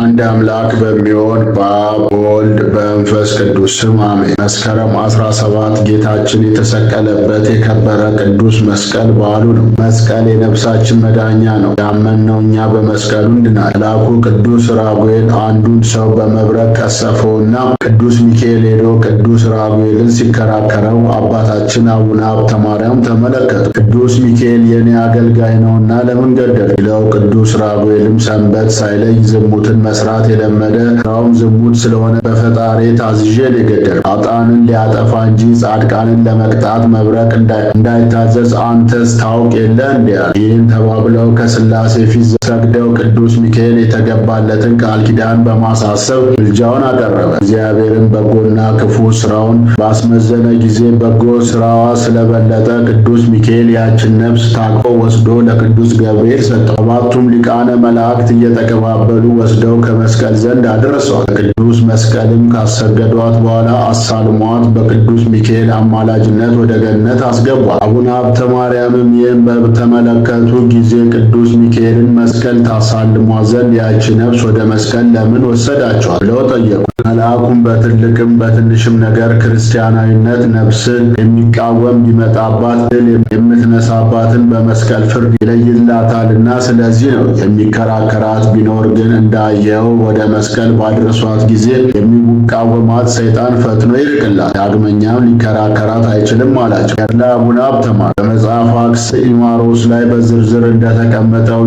አንድ አምላክ በሚሆን በአብ በወልድ በመንፈስ ቅዱስ ስም አሜን። መስከረም 17 ጌታችን የተሰቀለበት የከበረ ቅዱስ መስቀል በዓሉ ነው። መስቀል የነፍሳችን መዳኛ ነው። ያመንነው እኛ በመስቀሉ እንድናል። መልአኩ ቅዱስ ራጉኤል አንዱን ሰው በመብረቅ ቀሰፈውና ቅዱስ ሚካኤል ሄዶ ቅዱስ ራጉኤልን ሲከራከረው አባታችን አቡነ ሀብተ ማርያም ተመለከቱ። ቅዱስ ሚካኤል የኔ አገልጋይ ነውና ለምን ገደለው? ይለው ቅዱስ ራጉኤልም ሰንበት ሳይለይ ዝሙትን መስራት የለመደ ስራውም ዝሙት ስለሆነ በፈጣሪ ታዝዤ ሊገደል አጣንን ሊያጠፋ እንጂ ጻድቃንን ለመቅጣት መብረቅ እንዳይታዘዝ አንተስ ታውቅ የለ እንዲያል። ይህን ተባብለው ከስላሴ ፊት ሰግደው ቅዱስ ሚካኤል የተገባለትን ቃል ኪዳን በማሳሰብ ብልጃውን አቀረበ። እግዚአብሔርን በጎና ክፉ ስራውን ባስመዘነ ጊዜ በጎ ስራዋ ስለበለጠ ቅዱስ ሚካኤል ያችን ነፍስ ታቅፎ ወስዶ ለቅዱስ ገብርኤል ሰጠው። ሰባቱም ሊቃነ መላእክት እየተቀባበሉ ወስደው ወስደው ከመስቀል ዘንድ አደረሷት። ቅዱስ መስቀልም ካሰገዷት በኋላ አሳልሟት በቅዱስ ሚካኤል አማላጅነት ወደ ገነት አስገቧት። አቡነ ሀብተ ማርያምም ይህም በተመለከቱ ጊዜ ቅዱስ ሚካኤልን መስቀል ታሳልሟት ዘንድ ያቺ ነፍስ ወደ መስቀል ለምን ወሰዳቸዋል? ብለው ጠየቁ። መልአኩም በትልቅም በትንሽም ነገር ክርስቲያናዊነት ነፍስን የሚቃወም ቢመጣባት ድል የምትነሳባትን በመስቀል ፍርድ ይለይላታልና ስለዚህ ነው የሚከራከራት ቢኖር ግን እንዳይ እየው ወደ መስቀል ባደረሷት ጊዜ የሚቃወማት ሰይጣን ፈትኖ ይርቅላት፣ ዳግመኛም ሊከራከራት አይችልም አላቸው። ገድለ አቡነ አብተ በመጽሐፍ አክስ ኢማሮስ ላይ በዝርዝር እንደተቀመጠው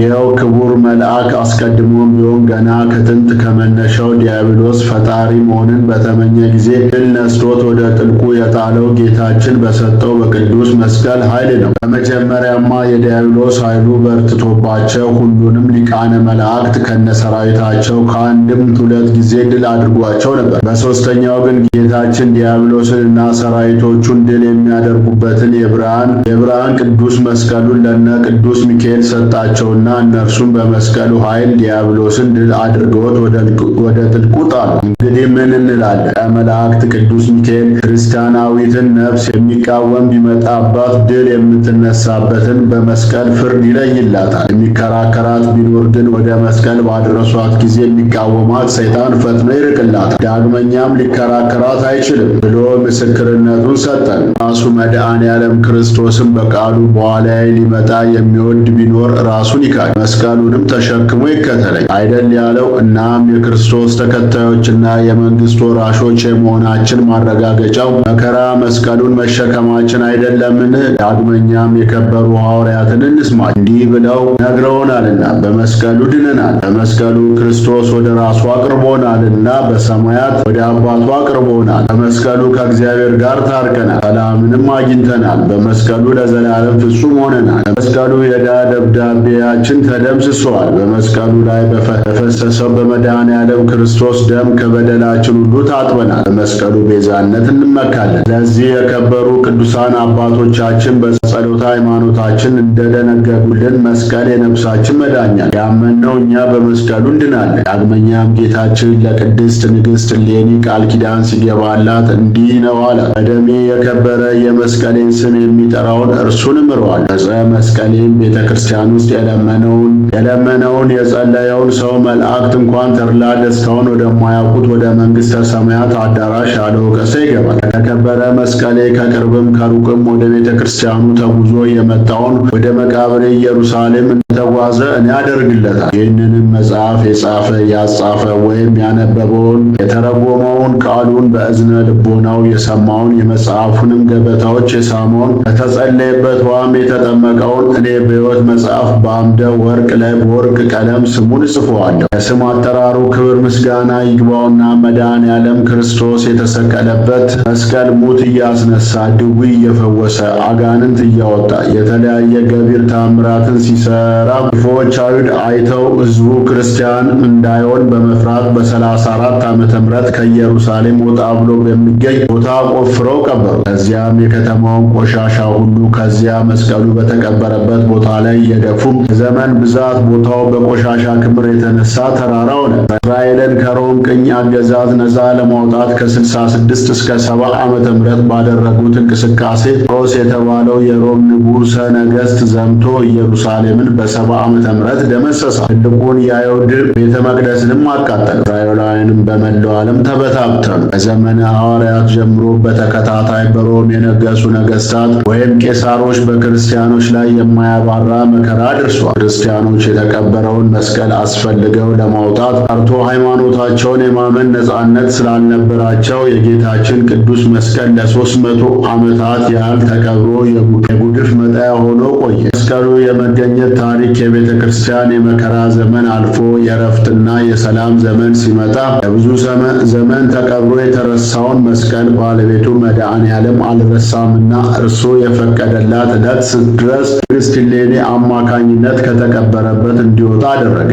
ይኸው ክቡር መልአክ አስቀድሞም ቢሆን ገና ከጥንት ከመነሻው ዲያብሎስ ፈጣሪ መሆንን በተመኘ ጊዜ ድል ነስቶት ወደ ጥልቁ የጣለው ጌታችን በሰጠው በቅዱስ መስቀል ኃይል ነው። በመጀመሪያማ የዲያብሎስ ኃይሉ በርትቶባቸው ሁሉንም ሊቃነ መላእክት ከነሳ ሰራዊታቸው ከአንድም ሁለት ጊዜ ድል አድርጓቸው ነበር። በሶስተኛው ግን ጌታችን ዲያብሎስን እና ሰራዊቶቹን ድል የሚያደርጉበትን የብርሃን የብርሃን ቅዱስ መስቀሉን ለነ ቅዱስ ሚካኤል ሰጣቸውና እነርሱም በመስቀሉ ኃይል ዲያብሎስን ድል አድርገውት ወደ ጥልቁ ጣሉ። እንግዲህ ምን እንላለን? ከመላእክት ቅዱስ ሚካኤል ክርስቲያናዊትን ነፍስ የሚቃወም ቢመጣባት ድል የምትነሳበትን በመስቀል ፍርድ ይለይላታል። የሚከራከራት ቢኖር ግን ወደ መስቀል ባድረ በደረሷት ጊዜ የሚቃወማት ሰይጣን ፈጥኖ ይርቅላት ዳግመኛም ሊከራከራት አይችልም ብሎ ምስክርነቱን ሰጠን። ራሱ መድአን ያለም ክርስቶስን በቃሉ በኋላዬ ሊመጣ የሚወድ ቢኖር ራሱን ይካድ፣ መስቀሉንም ተሸክሞ ይከተለኝ አይደል ያለው። እናም የክርስቶስ ተከታዮችና የመንግስት ወራሾች የመሆናችን ማረጋገጫው መከራ መስቀሉን መሸከማችን አይደለምን? ዳግመኛም የከበሩ ሐዋርያትን እንስማ እንዲህ ብለው ነግረውናልና በመስቀሉ ድነናል። በመስቀሉ በመስቀሉ ክርስቶስ ወደ ራሱ አቅርቦናልና በሰማያት ወደ አባቱ አቅርቦናል። በመስቀሉ ከእግዚአብሔር ጋር ታርቀናል፣ ሰላምንም አግኝተናል። በመስቀሉ ለዘላለም ፍጹም ሆነናል። በመስቀሉ የዕዳ ደብዳቤያችን ተደምስሷል። በመስቀሉ ላይ በፈሰሰው በመድኃኔ ዓለም ክርስቶስ ደም ከበደላችን ሁሉ ታጥበናል። በመስቀሉ ቤዛነት እንመካለን። ስለዚህ የከበሩ ቅዱሳን አባቶቻችን በጸሎተ ሃይማኖታችን እንደደነገጉልን መስቀል የነፍሳችን መዳኛል ያመነው እኛ በመስቀሉ በቃሉ እንድናለን። ዳግመኛም ጌታችን ለቅድስት ንግሥት እሌኒ ቃል ኪዳን ሲገባላት እንዲህ ነው አላት፣ በደሜ የከበረ የመስቀሌን ስም የሚጠራውን እርሱን ምረዋል። ዕፀ መስቀሌም ቤተ ክርስቲያን ውስጥ የለመነውን የለመነውን የጸለየውን ሰው መላእክት እንኳን ተድላ ደስታውን ወደማያውቁት ወደ መንግሥተ ሰማያት አዳራሽ ያለ ወቀሰ ይገባል። ከከበረ መስቀሌ ከቅርብም ከሩቅም ወደ ቤተ ክርስቲያኑ ተጉዞ የመጣውን ወደ መቃብሬ ኢየሩሳሌም እንደተጓዘ እኔ አደርግለታል። ይህንንም መጽሐፍ መጽሐፍ የጻፈ ያጻፈ ወይም ያነበበውን የተረጎመውን ቃሉን በእዝነ ልቦናው የሰማውን የመጽሐፉንም ገበታዎች የሳመውን ከተጸለየበት ውሃም የተጠመቀውን እኔ በሕይወት መጽሐፍ በአምደ ወርቅ ላይ በወርቅ ቀለም ስሙን እጽፈዋለሁ። ለስም አጠራሩ ክብር ምስጋና ይግባውና መዳን ዓለም ክርስቶስ የተሰቀለበት መስቀል ሙት እያስነሳ ድዊ እየፈወሰ አጋንንት እያወጣ የተለያየ ገቢር ታምራትን ሲሰራ ክፉዎች አይሁድ አይተው ሕዝቡ ክርስ ክርስቲያን እንዳይሆን በመፍራት በ 34 ዓመተ ምህረት ከኢየሩሳሌም ወጣ ብሎ በሚገኝ ቦታ ቆፍረው ቀበሩ። ከዚያም የከተማውን ቆሻሻ ሁሉ ከዚያ መስቀሉ በተቀበረበት ቦታ ላይ እየደፉ ከዘመን ብዛት ቦታው በቆሻሻ ክምር የተነሳ ተራራ ሆነ። እስራኤልን ከሮም ቅኝ አገዛዝ ነፃ ለማውጣት ከ66 እስከ 70 ዓመተ ምህረት ባደረጉት እንቅስቃሴ ሮስ የተባለው የሮም ንጉሠ ነገሥት ዘምቶ ኢየሩሳሌምን በ70 ዓመተ ምህረት ደመሰሳ። ትልቁን ያየው አይሁድ ቤተ መቅደስንም አቃጠሉ። እስራኤላውያንም በመላው ዓለም ተበታተኑ። ከዘመነ ሐዋርያት ጀምሮ በተከታታይ በሮም የነገሱ ነገስታት ወይም ቄሳሮች በክርስቲያኖች ላይ የማያባራ መከራ ደርሷል። ክርስቲያኖች የተቀበረውን መስቀል አስፈልገው ለማውጣት ቀርቶ ሃይማኖታቸውን የማመን ነፃነት ስላልነበራቸው የጌታችን ቅዱስ መስቀል ለሶስት መቶ ዓመታት ያህል ተቀብሮ የጉድፍ መጣያ ሆኖ ቆየ። መስቀሉ የመገኘት ታሪክ የቤተ ክርስቲያን የመከራ ዘመን አልፎ የእረፍትና የሰላም ዘመን ሲመጣ ለብዙ ዘመን ተቀብሮ የተረሳውን መስቀል ባለቤቱ መድኃኔ ዓለም አልረሳምና እርሱ የፈቀደላት ዕለት ድረስ ቅድስት አማካኝነት ከተቀበረበት እንዲወጣ አደረገ።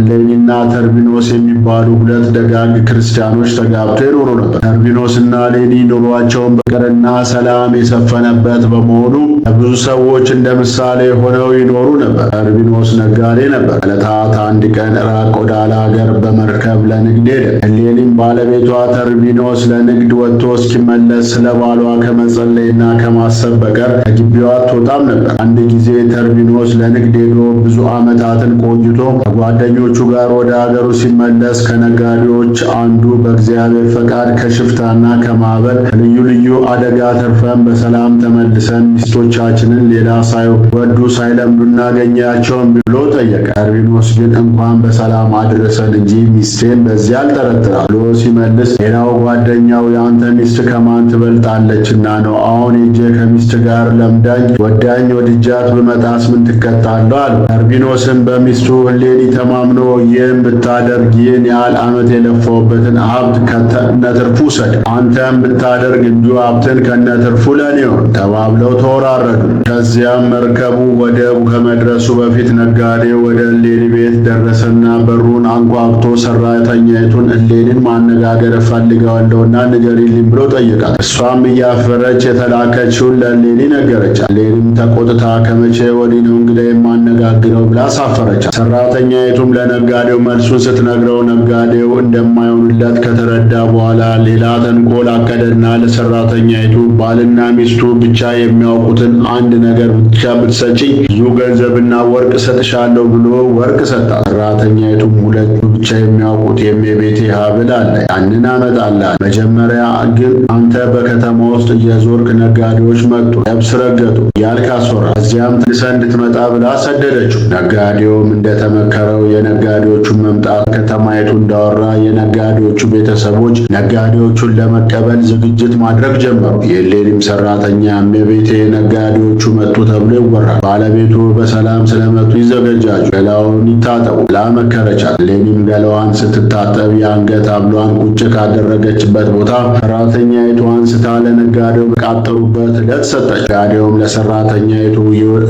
ዕሌኒና ተርቢኖስ የሚባሉ ሁለት ደጋግ ክርስቲያኖች ተጋብተው ይኖሩ ነበር። ተርቢኖስና ሌኒ ኑሯቸውን በቅርና ሰላም የሰፈነበት በመሆኑ ለብዙ ሰዎች እንደ ምሳሌ ሆነው ይኖሩ ነበር። ተርቢኖስ ነጋዴ ነበር። ዕለታት አንድ ቀን ቀን ራቅ ወዳለ አገር በመርከብ ለንግድ ሄደ። እሌኒም ባለቤቷ ተርቢኖስ ለንግድ ወጥቶ እስኪመለስ ስለ ባሏ ከመጸለይና ከማሰብ በቀር ከግቢዋ አትወጣም ነበር። አንድ ጊዜ ተርቢኖስ ለንግድ ሄዶ ብዙ ዓመታትን ቆይቶ ከጓደኞቹ ጋር ወደ አገሩ ሲመለስ ከነጋዴዎች አንዱ በእግዚአብሔር ፈቃድ ከሽፍታና ከማዕበል ከልዩ ልዩ አደጋ ተርፈን በሰላም ተመልሰን ሚስቶቻችንን ሌላ ሳይወዱ ሳይለምዱ እናገኛቸውን ብሎ ጠየቀ። ተርቢኖስ ግን እንኳን በሰላም አድረሰን እንጂ ሚስቴን በዚህ አልጠረጥር ብሎ ሲመልስ፣ ሌላው ጓደኛው የአንተ ሚስት ከማን ትበልጣለችና ነው? አሁን ሄጄ ከሚስት ጋር ለምዳኝ ወዳኝ ወድጃት ብመጣስ ምን ትቀጣለሁ? አለው። ተርቢኖስም በሚስቱ ህሌኒ ተማምኖ ይህን ብታደርግ ይህን ያህል ዓመት የለፋውበትን ሀብት ከነትርፉ ውሰድ፣ አንተም ብታደርግ እንዲሁ ሀብትን ከነትርፉ ለኔ ሆን ተባብለው ተወራረዱ። ከዚያም መርከቡ ወደቡ ከመድረሱ በፊት ነጋዴው ወደ እሌኒ ቤት ደረሰ። አባትና በሩን አንኳኩቶ ሰራተኛይቱን እሌኒን ማነጋገር እፈልጋለሁና ንገሪልኝ ብሎ ጠየቃት። እሷም እያፈረች የተላከችውን ለእሌኒ ነገረች። እሌኒም ተቆጥታ ከመቼ ወዲህ ነው እንግዳ የማነጋግረው ብላ አሳፈረቻት። ሰራተኛይቱም ለነጋዴው መልሱን ስትነግረው ነጋዴው እንደማይሆንለት ከተረዳ በኋላ ሌላ ተንኮል አቀደና ለሰራተኛይቱ ባልና ሚስቱ ብቻ የሚያውቁትን አንድ ነገር ብቻ ብትሰጪኝ ብዙ ገንዘብና ወርቅ እሰጥሻለሁ ብሎ ወርቅ ሰጣት። ሰራተኛይቱም ሁለቱ ብቻ የሚያውቁት የእመቤቴ ሀብል አለ፣ ያንን አመጣላት። መጀመሪያ ግን አንተ በከተማ ውስጥ እየዞርክ ነጋዴዎች መጡ፣ የብስ ረገጡ ያልክ አስወራት። እዚያም ተመልሳ እንድትመጣ ብላ ሰደደችው። ነጋዴውም እንደተመከረው የነጋዴዎቹን መምጣት ከተማይቱ እንዳወራ የነጋዴዎቹ ቤተሰቦች ነጋዴዎቹን ለመቀበል ዝግጅት ማድረግ ጀመሩ። የሌሊም ሰራተኛ እመቤቴ ነጋዴዎቹ መጡ ተብሎ ይወራል። ባለቤቱ በሰላም ስለመጡ ይዘገጃጁ፣ ገላውን ይታጠቡ፣ መከረቻ። ሌሊም ገላዋን ስትታጠብ የአንገት አብሏን ቁጭ ካደረገችበት ቦታ ሰራተኛይቱ አንስታ ለነጋዴው በቃጠሩበት ዕለት ሰጠች። ነጋዴውም ለሰራተኛይቱ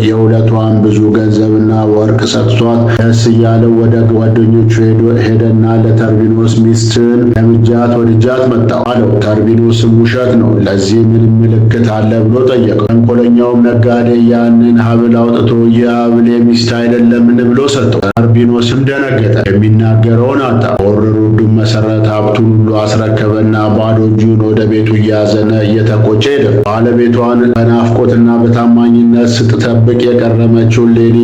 የሁለቷን ብዙ ገንዘብና ወርቅ ሰጥቷት ደስ እያለው ወደ ጓደኞቹ ሄደና ለተርቢኖስ ሚስትን ለምጃት ወድጃት መጣው አለው። ተርቢኖስም ውሸት ነው፣ ለዚህ ምን ምልክት አለ ብሎ ጠየቀው። ተንኮለኛውም ነጋዴ ያንን ሀብል አውጥቶ ይህ ሀብል የሚስት አይደለምን ብሎ ሰጠው። ተርቢኖስም ደነገጠ፣ የሚናገረውን አጣ። በንግዱም መሰረት ሀብቱን ሁሉ አስረከበና ባዶ እጁን ወደ ቤቱ እያዘነ እየተቆጨ ሄደ። ባለቤቷን በናፍቆትና በታማኝነት ስትጠብቅ የቀረመችውን ሌኒ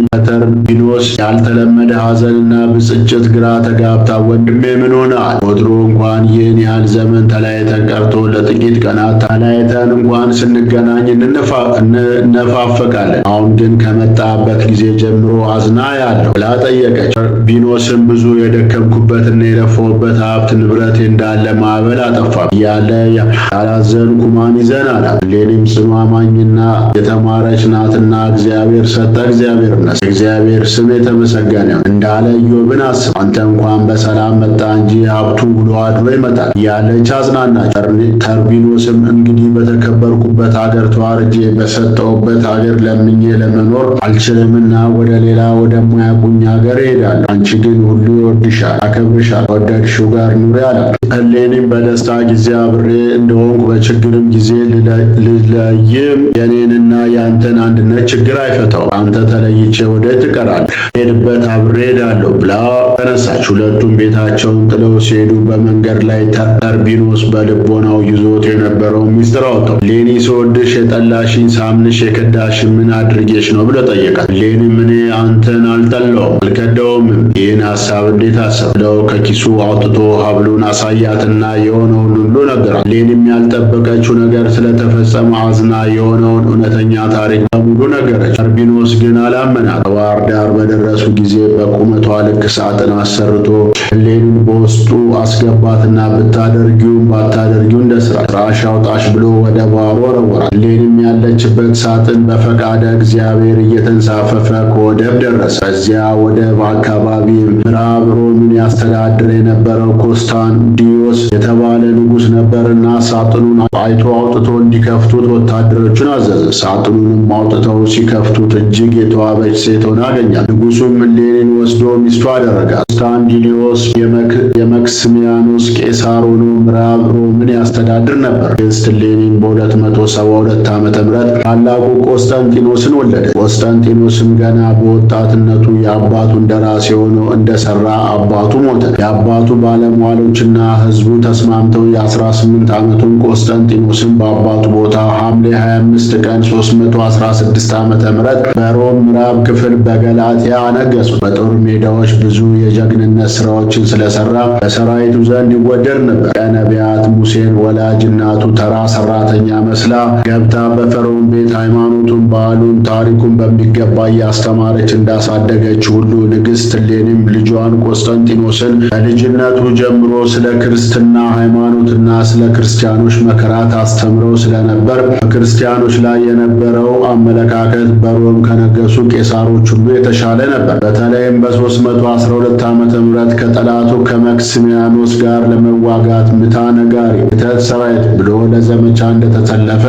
ቢኖስ ያልተለመደ ሀዘንና ብስጭት ግራ ተጋብታ ወንድሜ ምን ሆናል? ወትሮ እንኳን ይህን ያህል ዘመን ተለያይተን ቀርቶ ለጥቂት ቀናት ተለያይተን እንኳን ስንገናኝ እንነፋፈቃለን። አሁን ግን ከመጣበት ጊዜ ጀምሮ አዝና ያለው ብላ ጠየቀች። ቢኖስም ብዙ የደከምኩበትና የለፋሁበት የነበረበት ሀብት ንብረት እንዳለ ማዕበል አጠፋም እያለ ያላዘን ኩማን ይዘናል። ሌሊም ጽኑ አማኝና የተማረች ናትና እግዚአብሔር ሰጠ፣ እግዚአብሔር ነስ እግዚአብሔር ስም የተመሰገነ እንዳለ ኢዮብን አስብ። አንተ እንኳን በሰላም መጣ እንጂ ሀብቱ ውሎ አድሮ ይመጣል እያለች አጽናናቸው። ተርቢኖስም እንግዲህ በተከበርኩበት ሀገር ተዋርጄ በሰጠውበት ሀገር ለምኜ ለመኖር አልችልምና ወደ ሌላ ወደማያውቁኝ ሀገር እሄዳለሁ። አንቺ ግን ሁሉ ይወድሻል፣ ያከብርሻል። ወደድሽ ከእርሱ ጋር ኑሪ አላት። እሌኒም በደስታ ጊዜ አብሬ እንደሆንኩ በችግርም ጊዜ ልለይም፣ የኔንና የአንተን አንድነት ችግር አይፈታው። አንተ ተለይቼ ወደ ትቀራል ሄድበት አብሬ ሄዳለሁ ብላ ተነሳች። ሁለቱም ቤታቸውን ጥለው ሲሄዱ በመንገድ ላይ ተርቢኖስ በልቦናው ይዞት የነበረው ሚስጥር አወጣው። ሌኒ ስወድሽ የጠላሽኝ ሳምንሽ የከዳሽ ምን አድርጌሽ ነው ብሎ ጠየቃት። ሌኒም እኔ አንተን አልጠላውም አልከደውም፣ ይህን ሀሳብ እንዴት አሰብ ብለው ከኪሱ አውጥቶ ሀብሉን አሳያትና የሆነውን ሁሉ ነገራት። ሌኒም ያልጠበቀችው ነገር ስለተፈጸመ አዝና የሆነውን እውነተኛ ታሪክ በሙሉ ነገረች። ተርቢኖስ ግን አላመናት። ባህር ዳር በደረሱ ጊዜ በቁመቷ ልክ ሳጥን አሰርቶ ሌሉን በውስጡ አስገባትና ብታደርጊውም ባታደርጊው እንደ ስራ ስራሽ አውጣሽ ብሎ ወደ ባሕሩ ወረወራት። ህሌንም ያለችበት ሳጥን በፈቃደ እግዚአብሔር እየተንሳፈፈ ከወደብ ደረሰ። እዚያ ወደብ አካባቢ ምዕራብ ሮምን ያስተዳድር የነበረው ኮስታንዲዮስ የተባለ ንጉሥ ነበርና ሳጥኑን አይቶ አውጥቶ እንዲከፍቱት ወታደሮቹን አዘዘ። ሳጥኑንም አውጥተው ሲከፍቱት እጅግ የተዋበች ሴት ሆና አገኛት። ንጉሡም ወስዶ ሚስቱ አደረጋ። ኮስታንዲዮስ የመክስሚያኖስ ቄሳር ሆኖ ምዕራብ ሮምን ያስተዳድር ነበር። ግንስት እሌኒን በሁለት መቶ ሰባ ሁለት ምህረት ታላቁ ቆስጠንጢኖስን ወለደ። ቆስጠንጢኖስም ገና በወጣትነቱ የአባቱ እንደራሴ ሆኖ እንደሰራ አባቱ ሞተ። የአባቱ ባለሟሎችና ሕዝቡ ተስማምተው የ18 ዓመቱን ቆስጠንጢኖስን በአባቱ ቦታ ሐምሌ 25 ቀን 316 ዓ ምህረት በሮም ምዕራብ ክፍል በገላትያ አነገሱ። በጦር ሜዳዎች ብዙ የጀግንነት ስራዎችን ስለሰራ በሰራዊቱ ዘንድ ይወደድ ነበር። ቀነቢያት፣ ሙሴን ወላጅ እናቱ ተራ ሰራተኛ መስላ ገብታ የደፈረውን ቤት ሃይማኖቱን፣ ባህሉን፣ ታሪኩን በሚገባ እያስተማረች እንዳሳደገች ሁሉ ንግሥት እሌኒም ልጇን ቆስጠንጢኖስን ከልጅነቱ ጀምሮ ስለ ክርስትና ሃይማኖትና ስለ ክርስቲያኖች መከራ ታስተምረው ስለነበር በክርስቲያኖች ላይ የነበረው አመለካከት በሮም ከነገሱ ቄሳሮች ሁሉ የተሻለ ነበር። በተለይም በ312 ዓ ም ከጠላቱ ከመክሲሚያኖስ ጋር ለመዋጋት ምታ ነጋሪ ተሰራየት ብሎ ለዘመቻ እንደተሰለፈ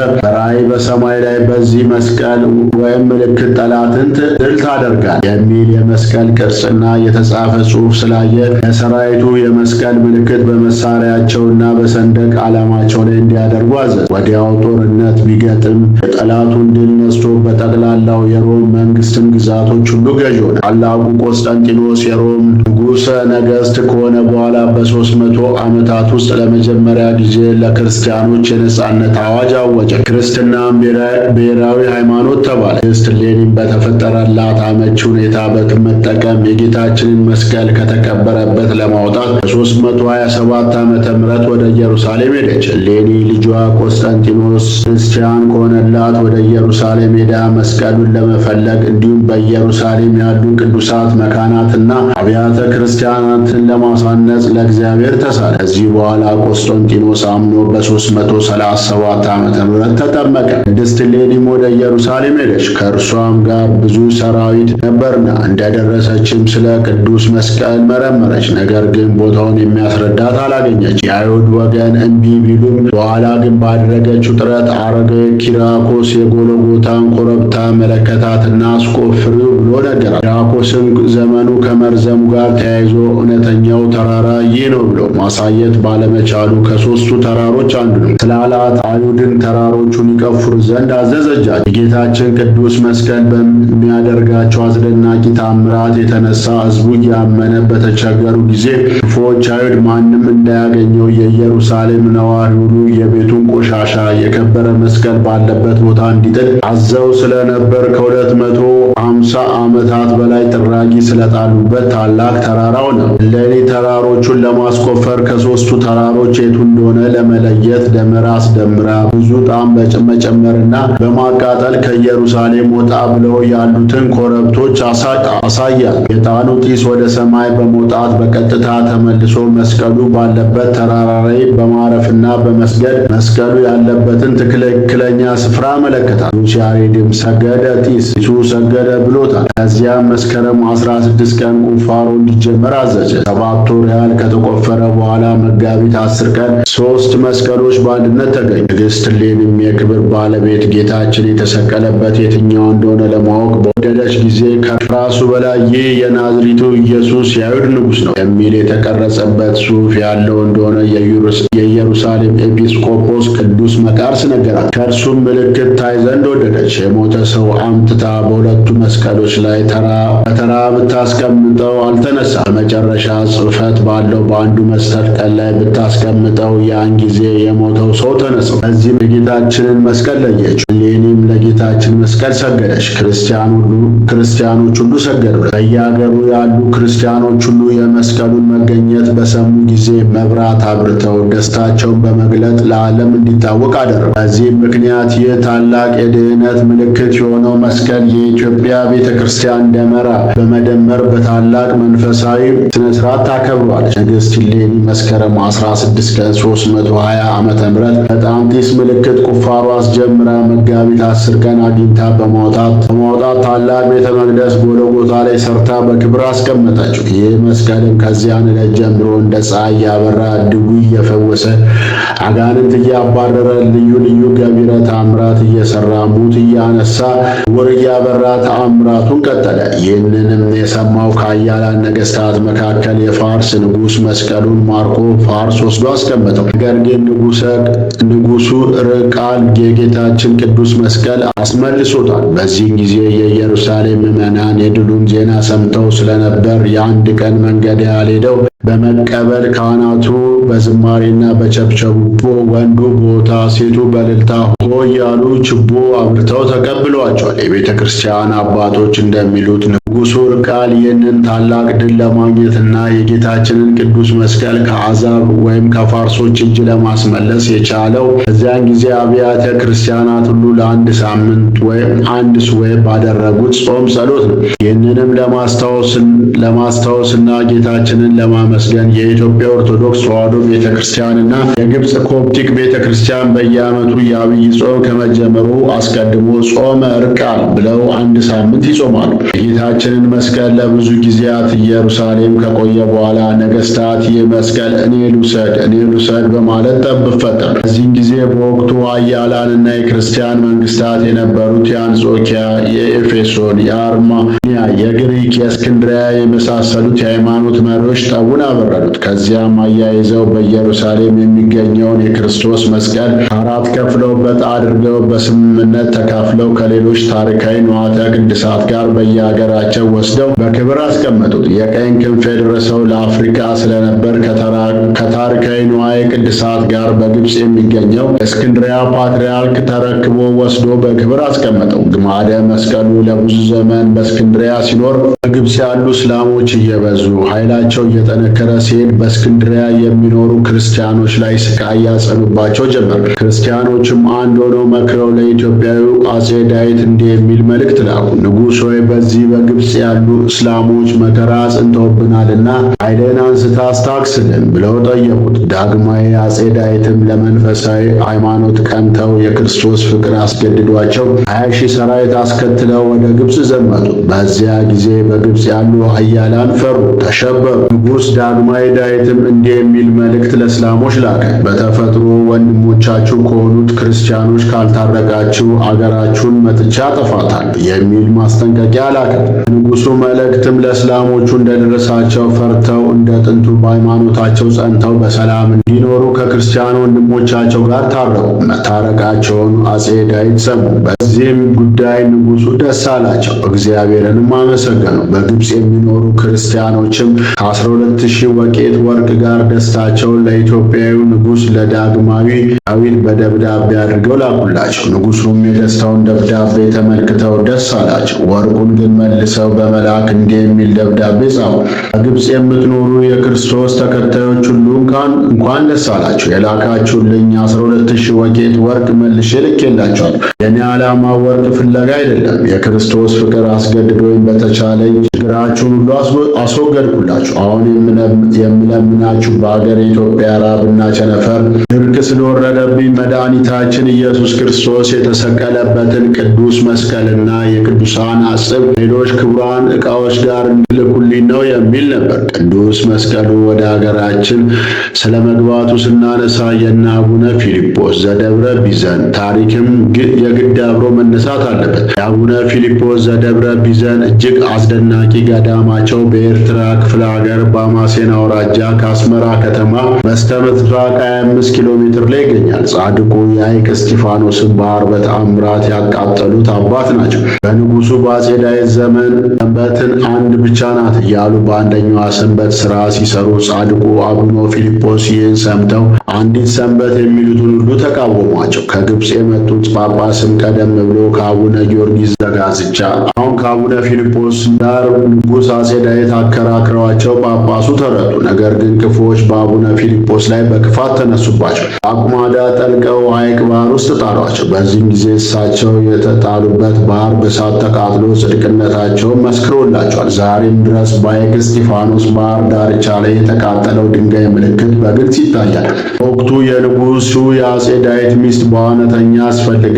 በ በሰማይ ላይ በዚህ መስቀል ወይም ምልክት ጠላትን ድል ታደርጋል የሚል የመስቀል ቅርጽና የተጻፈ ጽሑፍ ስላየ የሰራዊቱ የመስቀል ምልክት በመሳሪያቸውና በሰንደቅ ዓላማቸው ላይ እንዲያደርጉ አዘዝ። ወዲያው ጦርነት ቢገጥም የጠላቱን ድል ነስቶ በጠቅላላው የሮም መንግስትም ግዛቶች ሁሉ ገዥ ሆነ። ታላቁ ቆስጠንጢኖስ የሮም ንጉሠ ነገሥት ከሆነ በኋላ በሦስት መቶ ዓመታት ውስጥ ለመጀመሪያ ጊዜ ለክርስቲያኖች የነጻነት አዋጅ አወጀ። ክርስትና ቪየትናም ብሔራዊ ሃይማኖት ተባለ። መንግስት ሌኒን በተፈጠረላት አመች ሁኔታ በመጠቀም የጌታችንን መስቀል ከተቀበረበት ለማውጣት በ327 ዓመተ ም ወደ ኢየሩሳሌም ሄደች። ሌኒ ልጇ ቆስጠንቲኖስ ክርስቲያን ከሆነላት ወደ ኢየሩሳሌም ሄዳ መስቀሉን ለመፈለግ እንዲሁም በኢየሩሳሌም ያሉ ቅዱሳት መካናትና አብያተ ክርስቲያናትን ለማሳነጽ ለእግዚአብሔር ተሳለ። ከዚህ በኋላ ቆስጠንቲኖስ አምኖ በ337 ዓ ም ተጠመቀ። ቅድስት እሌኒም ወደ ኢየሩሳሌም ሄደች፣ ከእርሷም ጋር ብዙ ሰራዊት ነበርና። እንደደረሰችም ስለ ቅዱስ መስቀል መረመረች፣ ነገር ግን ቦታውን የሚያስረዳት አላገኘች። የአይሁድ ወገን እምቢ ቢሉም በኋላ ግን ባደረገችው ጥረት አረጋዊ ኪራኮስ የጎሎጎታን ኮረብታ መለከታትና አስቆፍሪው ብሎ ነገራት። ኪራኮስም ዘመኑ ከመርዘሙ ጋር ተያይዞ እውነተኛው ተራራ ይህ ነው ብሎ ማሳየት ባለመቻሉ ከሦስቱ ተራሮች አንዱ ነው ስላላት አይሁድን ተራሮቹን ይቀፉ ያሰፍሩ ዘንድ አዘዘቻቸው። የጌታችን ቅዱስ መስቀል በሚያደርጋቸው አስደናቂ ታምራት የተነሳ ሕዝቡ እያመነ በተቸገሩ ጊዜ ክፉዎች አይሁድ ማንም እንዳያገኘው የኢየሩሳሌም ነዋሪ ሁሉ የቤቱን ቆሻሻ የከበረ መስቀል ባለበት ቦታ እንዲጥል አዘው ስለነበር ከሁለት መቶ ሃምሳ ዓመታት በላይ ጥራጊ ስለጣሉበት ታላቅ ተራራው ነው። ለሌ ተራሮቹን ለማስቆፈር ከሦስቱ ተራሮች የቱ እንደሆነ ለመለየት ደመራ አስደምራ ብዙ ጣም በጭመጨ በመጨመርና በማቃጠል ከኢየሩሳሌም ወጣ ብለው ያሉትን ኮረብቶች አሳያል። የጣኑ ጢስ ወደ ሰማይ በመውጣት በቀጥታ ተመልሶ መስቀሉ ባለበት ተራራ ላይ በማረፍና በመስገድ መስቀሉ ያለበትን ትክክለኛ ስፍራ ያመለክታል። ቅዱስ ያሬድም ሰገደ ጢስ ሱ ሰገደ ብሎታል። ከዚያም መስከረም 16 ቀን ቁፋሮ እንዲጀመር አዘዘ። ሰባት ወር ያህል ከተቆፈረ በኋላ መጋቢት አስር ቀን ሶስት መስቀሎች በአንድነት ተገኙ። ንግሥት እሌኒም የክብር ባ ባለቤት ጌታችን የተሰቀለበት የትኛው እንደሆነ ለማወቅ በወደደች ጊዜ ከራሱ በላይ ይህ የናዝሪቱ ኢየሱስ የአይሁድ ንጉሥ ነው የሚል የተቀረጸበት ጽሑፍ ያለው እንደሆነ የኢየሩሳሌም ኤጲስቆጶስ ቅዱስ መቃርስ ነገራት። ከእርሱም ምልክት ታይ ዘንድ ወደደች። የሞተ ሰው አምትታ በሁለቱ መስቀሎች ላይ በተራ ብታስቀምጠው አልተነሳ። በመጨረሻ ጽሕፈት ባለው በአንዱ መስቀል ላይ ብታስቀምጠው ያን ጊዜ የሞተው ሰው ተነሳ። በዚህም የጌታችንን መስቀል ለየች። ሌኒም ለጌታችን መስቀል ሰገደች። ክርስቲያኖች ሁሉ ሰገዱ። በየአገሩ ያሉ ክርስቲያኖች ሁሉ የመስቀሉን መገኘት በሰሙ ጊዜ መብራት አብርተው ደስታቸውን በመግለጥ ለዓለም እንዲታወቅ አደረጉ። በዚህም ምክንያት ይህ ታላቅ የድህነት ምልክት የሆነው መስቀል የኢትዮጵያ ቤተ ክርስቲያን ደመራ በመደመር በታላቅ መንፈሳዊ ስነስርዓት ታከብሯለች። ንግሥት ሌኒ መስከረም 16 ቀን 320 ዓ.ም በጣም ጢስ ምልክት ቁፋሮ አስጀ ጀምራ መጋቢት አስር ቀን አግኝታ በማውጣት በማውጣት ታላቅ ቤተ መቅደስ ቦታ ላይ ሰርታ በክብር አስቀመጠችው። ይህ መስቀልም ከዚያን ዕለት ጀምሮ እንደ ፀሐይ እያበራ ድጉ እየፈወሰ አጋንንት እያባረረ ልዩ ልዩ ገቢረ ተአምራት እየሰራ ሙት እያነሳ ውር እያበራ ተአምራቱን ቀጠለ። ይህንንም የሰማው ከአያላን ነገስታት መካከል የፋርስ ንጉሥ መስቀሉን ማርኮ ፋርስ ወስዶ አስቀመጠው። ነገር ግን ንጉሱ ርቃል ጌጌ ጌታችን ቅዱስ መስቀል አስመልሶታል። በዚህ ጊዜ የኢየሩሳሌም ምዕመናን የድሉን ዜና ሰምተው ስለነበር የአንድ ቀን መንገድ ያህል ሄደው በመቀበል ካህናቱ በዝማሬና በቸብቸቡቦ ወንዱ ቦታ ሴቱ በልልታ ሆ እያሉ ችቦ አብርተው ተቀብሏቸዋል። የቤተ ክርስቲያን አባቶች እንደሚሉት ጉሱር ቃል ይህንን ታላቅ ድል ለማግኘትና የጌታችንን ቅዱስ መስቀል ከአዛብ ወይም ከፋርሶች እጅ ለማስመለስ የቻለው በዚያን ጊዜ አብያተ ክርስቲያናት ሁሉ ለአንድ ሳምንት ወይም አንድ ሱባኤ ባደረጉት ጾም ጸሎት ነው። ይህንንም ለማስታወስና ጌታችንን ለማመስገን የኢትዮጵያ ኦርቶዶክስ ተዋሕዶ ቤተ ክርስቲያንና የግብፅ ኮፕቲክ ቤተ ክርስቲያን በየዓመቱ የአብይ ጾም ከመጀመሩ አስቀድሞ ጾመ ርቃል ብለው አንድ ሳምንት ይጾማሉ። የጌታችንን መስቀል ለብዙ ጊዜያት ኢየሩሳሌም ከቆየ በኋላ ነገስታት ይህ መስቀል እኔ ልውሰድ እኔ ልውሰድ በማለት ጠብ ፈጠሩ። ጊዜ በወቅቱ እና የክርስቲያን መንግስታት የነበሩት የአንጾኪያ፣ የኤፌሶን፣ የአርማኒያ፣ የግሪክ፣ የእስክንድሪያ የመሳሰሉት የሃይማኖት መሪዎች ጠቡን አበረዱት። ከዚያም አያይዘው በኢየሩሳሌም የሚገኘውን የክርስቶስ መስቀል አራት ከፍለውበት አድርገው በስምምነት ተካፍለው ከሌሎች ታሪካዊ ንዋያተ ቅድሳት ጋር በየሀገራቸው እጃቸው ወስደው በክብር አስቀመጡት። የቀኝ ክንፍ የደረሰው ለአፍሪካ ስለነበር ከታሪካዊ ንዋየ ቅድሳት ጋር በግብፅ የሚገኘው እስክንድሪያ ፓትርያርክ ተረክቦ ወስዶ በክብር አስቀመጠው። ግማደ መስቀሉ ለብዙ ዘመን በእስክንድሪያ ሲኖር በግብፅ ያሉ እስላሞች እየበዙ ኃይላቸው እየጠነከረ ሲሄድ በእስክንድሪያ የሚኖሩ ክርስቲያኖች ላይ ስቃይ ያጸኑባቸው ጀመር። ክርስቲያኖችም አንድ ሆነው መክረው ለኢትዮጵያዊ አጼ ዳዊት እንዲህ የሚል መልእክት ላኩ። ንጉሥ ሆይ በዚህ በግብፅ ያሉ እስላሞች መከራ ጽንተውብናልና ኃይልን አንስታ አስታክስልን ብለው ጠየቁት። ዳግማዊ አጼ ዳዊትም ለመንፈሳዊ ሃይማኖት ቀንተው የክርስቶስ ፍቅር አስገድዷቸው ሀያ ሺህ ሰራዊት አስከትለው ወደ ግብፅ ዘመቱ። በዚያ ጊዜ በግብፅ ያሉ አያላን ፈሩ፣ ተሸበሩ። ንጉሥ ዳግማዊ ዳዊትም እንዲህ የሚል መልእክት ለእስላሞች ላከ። በተፈጥሮ ወንድሞቻችሁ ከሆኑት ክርስቲያኖች ካልታረቃችሁ አገራችሁን መጥቻ አጠፋታል የሚል ማስጠንቀቂያ ላከ። ንጉሡ መልእክትም ለእስላሞቹ እንደደረሳቸው ፈርተው እንደ ጥንቱ በሃይማኖታቸው ጸንተው በሰላም እንዲኖሩ ከክርስቲያን ወንድሞቻቸው ጋር ታረቁ። መታረቃቸውን አጼ ዳዊት ሰሙ። በዚህም ጉዳይ ንጉሡ ደስ አላቸው፣ እግዚአብሔርንም አመሰገኑ። በግብፅ የሚኖሩ ክርስቲያኖችም ከ12 ሺህ ወቄት ወርቅ ጋር ደስታቸውን ለኢትዮጵያዊ ንጉሥ ለዳግማዊ ዳዊት በደብዳቤ አድርገው ላኩላቸው። ንጉሱም የደስታውን ደብዳቤ ተመልክተው ደስ አላቸው። ወርቁን ግን መልሰው በመልአክ እንዲህ የሚል ደብዳቤ ጻፉ። በግብፅ የምትኖሩ የክርስቶስ ተከታዮች ሁሉ እንኳን ደስ አላቸው። የላካችሁልኝ 12 ሺህ ወቄት ወርቅ መልሼ ልኬላቸዋለሁ። የእኔ ዓላማ ወርቅ ፍለጋ አይደለም። የክርስቶስ ፍቅር አስገድዶኝ በተቻለኝ ችግራችሁን ሁሉ አስወገድኩላችሁ። አሁን የምለምናችሁ በአገር ኢትዮጵያ ራብና ቸነፈር ድርቅ ስለወረደብኝ መድኃኒታችን ኢየሱስ ክርስቶስ የተሰቀለበትን ቅዱስ መስቀልና የቅዱሳን አጽብ ሌሎች ክቡራን ዕቃዎች ጋር እንድልኩልኝ ነው የሚል ነበር። ቅዱስ መስቀሉ ወደ አገራችን ስለ መግባቱ ስናነሳ የነ አቡነ ፊልጶስ ዘደብረ ቢዘን ታሪክም በግድ አብሮ መነሳት አለበት። የአቡነ ፊልጶስ ዘደብረ ቢዘን እጅግ አስደናቂ ገዳማቸው በኤርትራ ክፍለ ሀገር በአማሴን አውራጃ ከአስመራ ከተማ በስተ ምስራቅ 25 ኪሎ ሜትር ላይ ይገኛል። ጻድቁ የሐይቅ እስጢፋኖስን ባህር በተአምራት ያቃጠሉት አባት ናቸው። በንጉሱ በአጼ ዳዊት ዘመን ሰንበትን አንድ ብቻ ናት እያሉ በአንደኛዋ ሰንበት ስራ ሲሰሩ ጻድቁ አቡነ ፊልጶስ ይህን ሰምተው አንዲት ሰንበት የሚሉትን ሁሉ ተቃወሟቸው። ከግብፅ የመጡት ጳጳስ ስም ቀደም ብሎ ከአቡነ ጊዮርጊስ ዘጋዝጫ አሁን ከአቡነ ፊልጶስ ጋር ንጉሥ አጼ ዳዊት አከራክረዋቸው ጳጳሱ ተረቱ። ነገር ግን ክፉዎች በአቡነ ፊልጶስ ላይ በክፋት ተነሱባቸው። አቁማዳ ጠልቀው ሐይቅ ባህር ውስጥ ጣሏቸው። በዚህም ጊዜ እሳቸው የተጣሉበት ባህር በሳት ተቃጥሎ ጽድቅነታቸውን መስክሮላቸዋል። ዛሬም ድረስ በሐይቅ እስጢፋኖስ ባህር ዳርቻ ላይ የተቃጠለው ድንጋይ ምልክት በግልጽ ይታያል። ወቅቱ የንጉሱ የአጼ ዳዊት ሚስት በዋነተኛ አስፈልጋ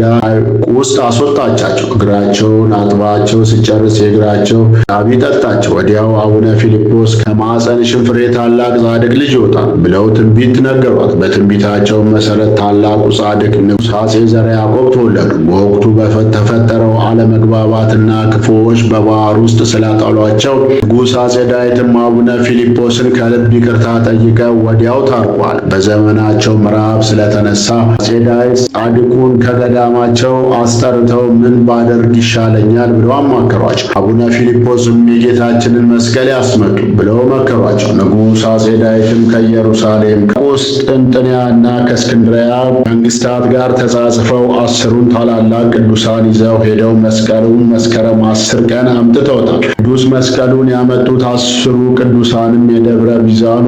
ውስጥ አስወጣቻቸው። እግራቸውን አጥባቸው ሲጨርስ የእግራቸው ጣቢ ጠጣቸው። ወዲያው አቡነ ፊልጶስ ከማዕፀንሽም ፍሬ ታላቅ ጻድቅ ልጅ ይወጣል ብለው ትንቢት ነገሯት። በትንቢታቸው መሰረት ታላቁ ጻድቅ ንጉሥ አጼ ዘርዓ ያዕቆብ ተወለዱ። በወቅቱ በተፈጠረው አለመግባባትና ክፉዎች በባህር ውስጥ ስላጠሏቸው ንጉሥ አጼ ዳዊትም አቡነ ፊልጶስን ከልብ ይቅርታ ጠይቀው ወዲያው ታርቋል። በዘመናቸው ምዕራብ ስለተነሳ አጼ ዳዊት ጻድቁን ከገዳማቸው ሰው አስጠርተው ምን ባደርግ ይሻለኛል ብለው አማከሯቸው። አቡነ ፊልጶስም የጌታችንን መስቀል ያስመጡ ብለው መከሯቸው። ንጉሥ አሴዳይትም ከኢየሩሳሌም ከቁስጥንጥንያና ከእስክንድሪያ መንግስታት ጋር ተጻጽፈው አስሩን ታላላቅ ቅዱሳን ይዘው ሄደው መስቀሉን መስከረም አስር ቀን አምጥተውታል። ቅዱስ መስቀሉን ያመጡት አስሩ ቅዱሳንም የደብረ ቢዛኑ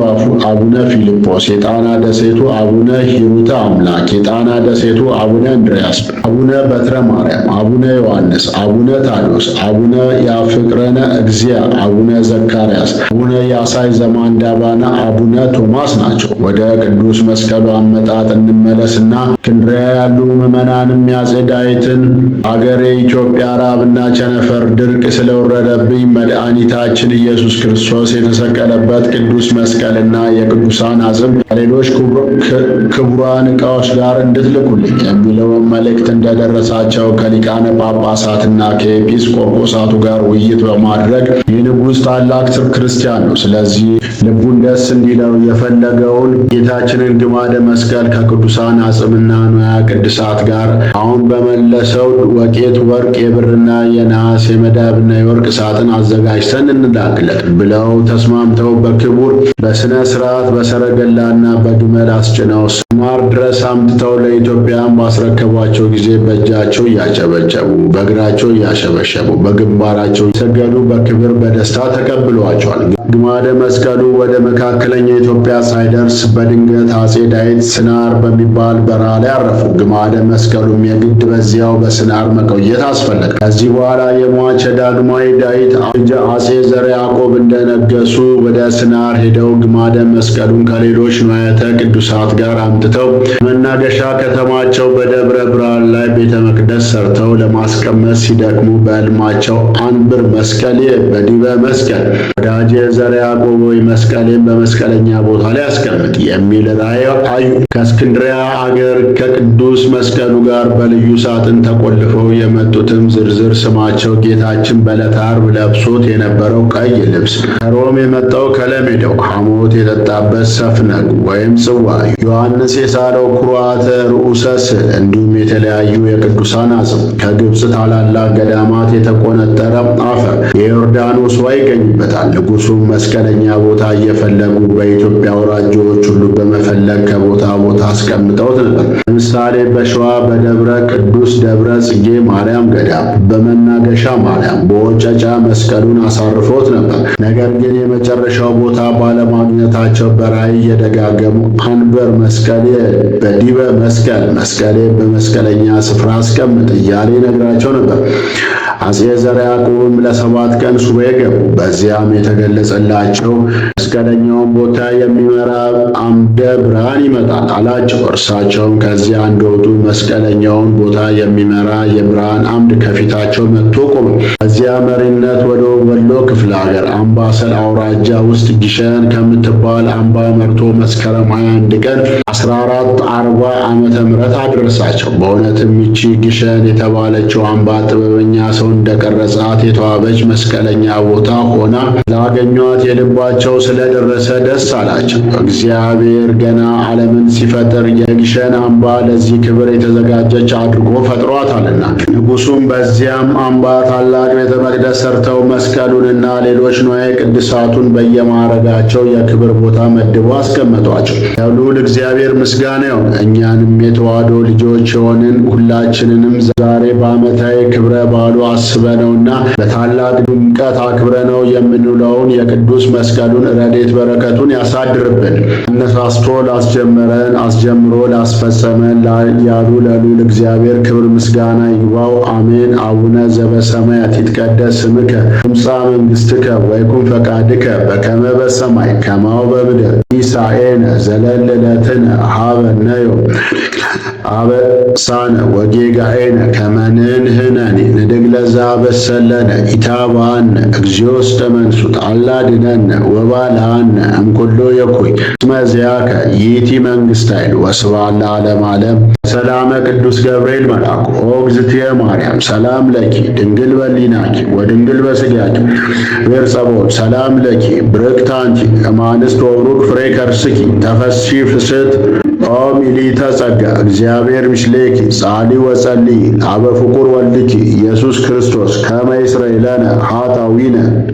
አቡነ ፊልጶስ፣ የጣና ደሴቱ አቡነ ሂሩተ አምላክ፣ የጣና ደሴቱ አቡነ እንድርያስ፣ አቡነ በትረ ማርያም፣ አቡነ ዮሐንስ፣ አቡነ ታዶስ፣ አቡነ ያፍቅረነ እግዚአ፣ አቡነ ዘካርያስ፣ አቡነ ያሳይ ዘማንዳባነ፣ አቡነ ቶማስ ናቸው። ወደ ቅዱስ መስቀሉ አመጣጥ እንመለስና ክንድሪያ ያሉ ምዕመናንም ያጼ ዳዊትን አገሬ ኢትዮጵያ ራብና ቸነፈር ድርቅ ስለወረደብኝ መድኃኒታችን ኢየሱስ ክርስቶስ የተሰቀለበት ቅዱስ መስቀልና የቅዱሳን አጽም ከሌሎች ክቡራን ዕቃዎች ጋር እንድትልኩልኝ የሚለውን መልእክት እንደ ከደረሳቸው ከሊቃነ ጳጳሳትና ከኤጲስቆጶሳቱ ጋር ውይይት በማድረግ ይህ ንጉሥ ታላቅ ክርስቲያን ነው፣ ስለዚህ ልቡን ደስ እንዲለው የፈለገውን ጌታችንን ግማደ መስቀል ከቅዱሳን አጽምና ንዋያ ቅድሳት ጋር አሁን በመለሰው ወቄት ወርቅ የብርና የነሐስ የመዳብና የወርቅ ሳጥን አዘጋጅተን እንላክለት ብለው ተስማምተው በክቡር በሥነ ሥርዓት በሰረገላና በግመል አስጭነው ማር ድረስ አምጥተው ለኢትዮጵያ ባስረከቧቸው ጊዜ በእጃቸው እያጨበጨቡ በእግራቸው እያሸበሸቡ በግንባራቸው ሰገዱ። በክብር በደስታ ተቀብለዋቸዋል። ግማደ መስቀሉ ወደ መካከለኛ ኢትዮጵያ ሳይደርስ በድንገት አጼ ዳዊት ስናር በሚባል በረሃ ላይ አረፉ። ግማደ መስቀሉም የግድ በዚያው በስናር መቆየት አስፈለገ። ከዚህ በኋላ የሟቸ ዳግማዊ ዳዊት አጼ ዘረ ያዕቆብ እንደነገሱ ወደ ስናር ሄደው ግማደ መስቀሉን ከሌሎች ንዋያተ ቅዱሳት ጋር አምጥተው አስነስተው መናገሻ ከተማቸው በደብረ ብርሃን ላይ ቤተ መቅደስ ሰርተው ለማስቀመጥ ሲደክሙ በሕልማቸው አንብር መስቀሌ በዲበ መስቀል ወዳጅ ዘርዓ ያዕቆብ ሆይ መስቀሌን በመስቀለኛ ቦታ ላይ አስቀምጥ የሚል ራእይ አዩ። ከእስክንድሪያ አገር ከቅዱስ መስቀሉ ጋር በልዩ ሳጥን ተቆልፈው የመጡትም ዝርዝር ስማቸው ጌታችን በዕለተ ዓርብ ለብሶት የነበረው ቀይ ልብስ፣ ከሮም የመጣው ከለሜዳው፣ ሐሞት የጠጣበት ሰፍነግ ወይም ጽዋ፣ ዮሐንስ የሳለው ኩርዓተ ርዑሰስ እንዲሁም የተለያዩ የቅዱሳን አጽም ከግብፅ ታላላቅ ገዳማት የተቆነጠረ አፈር የዮርዳኖስ ውሃ ይገኝበታል። ንጉሡም መስቀለኛ ቦታ እየፈለጉ በኢትዮጵያ አውራጃዎች ሁሉ በመፈለግ ከቦታ ቦታ አስቀምጠውት ነበር። ለምሳሌ በሸዋ በደብረ ቅዱስ ደብረ ጽጌ ማርያም ገዳም በመናገሻ ማርያም በወጨጫ መስቀሉን አሳርፎት ነበር። ነገር ግን የመጨረሻው ቦታ ባለማግኘታቸው በራእይ እየደጋገሙ አንበር መስቀል ። በዲበ መስቀል መስቀሌ በመስቀለኛ ስፍራ አስቀምጥ እያለ ይነግራቸው ነበር። አጼ ዘርዓ ያዕቆብም ለሰባት ቀን ሱባኤ ገቡ። በዚያም የተገለጸላቸው መስቀለኛውን ቦታ የሚመራ አምደ ብርሃን ይመጣል አላቸው። እርሳቸውም ከዚያ እንደወጡ መስቀለኛውን ቦታ የሚመራ የብርሃን አምድ ከፊታቸው መጥቶ ቆመ። ከዚያ መሪነት ወደ ወሎ ክፍለ ሀገር አምባሰል አውራጃ ውስጥ ጊሸን ከምትባል አምባ መርቶ መስከረም 21 ቀን 1440 ዓመተ ምህረት አደረሳቸው። በእውነትም ይቺ ጊሸን የተባለችው አምባ ጥበበኛ ሰው እንደቀረጻት የተዋበች መስቀለኛ ቦታ ሆና ላገኟት የልባቸው ስለ ስለደረሰ ደስ አላቸው። እግዚአብሔር ገና ዓለምን ሲፈጥር የግሸን አምባ ለዚህ ክብር የተዘጋጀች አድርጎ ፈጥሯታልና። ንጉሱም በዚያም አምባ ታላቅ ቤተ መቅደስ ሰርተው መስቀሉንና ሌሎች ንዋየ ቅድሳቱን በየማዕረጋቸው የክብር ቦታ መድቦ አስቀመጧቸው። ለልዑል እግዚአብሔር ምስጋና ይሁን። እኛንም የተዋህዶ ልጆች የሆንን ሁላችንንም ዛሬ በዓመታዊ ክብረ በዓሉ አስበነውና በታላቅ ድምቀት አክብረነው የምንውለውን የቅዱስ መስቀሉን ረዴት በረከቱን ያሳድርብን። አነሳስቶ ላስጀመረን አስጀምሮ ላስፈጸመን ያሉ ለሉል እግዚአብሔር ክብር ምስጋና ይግባው፣ አሜን። አቡነ ዘበሰማያት ይትቀደስ ስምከ ትምጻእ መንግሥትከ ወይኩን ፈቃድከ በከመ በሰማይ ከማው በምድር ሲሳየነ ዘለለዕለትነ ሀበነ ዮም አበሳነ ወጌጋኤነ ከመ አንንህነኒ ንድግለዛ በሰለነ ኢታባነ እግዚኦ ውስተ መንሱት አላ ድነነ ወባልሃነ እምኩሎ የኩይ እስመ ዚአከ ይእቲ መንግሥታይን ወስብሐት ለዓለመ ዓለም። ሰላመ ቅዱስ ገብርኤል መልአኩ ኦ እግዝእትየ ማርያም ሰላም ለኪ ድንግል በሊናኪ ወድንግል በስጋኪ ቤርጸቦን ሰላም ለኪ ብርክታንቲ እማንስት ወብሩክ ፍሬ ከርስኪ ተፈሥሒ ፍስት ኦ ሚሊተ ጸጋ እግዚአብሔር ምስሌኪ ጻሊ ወጸሊ አበ ፍቁር ወልኪ ኢየሱስ ክርስቶስ ከመ ይስረይ ለነ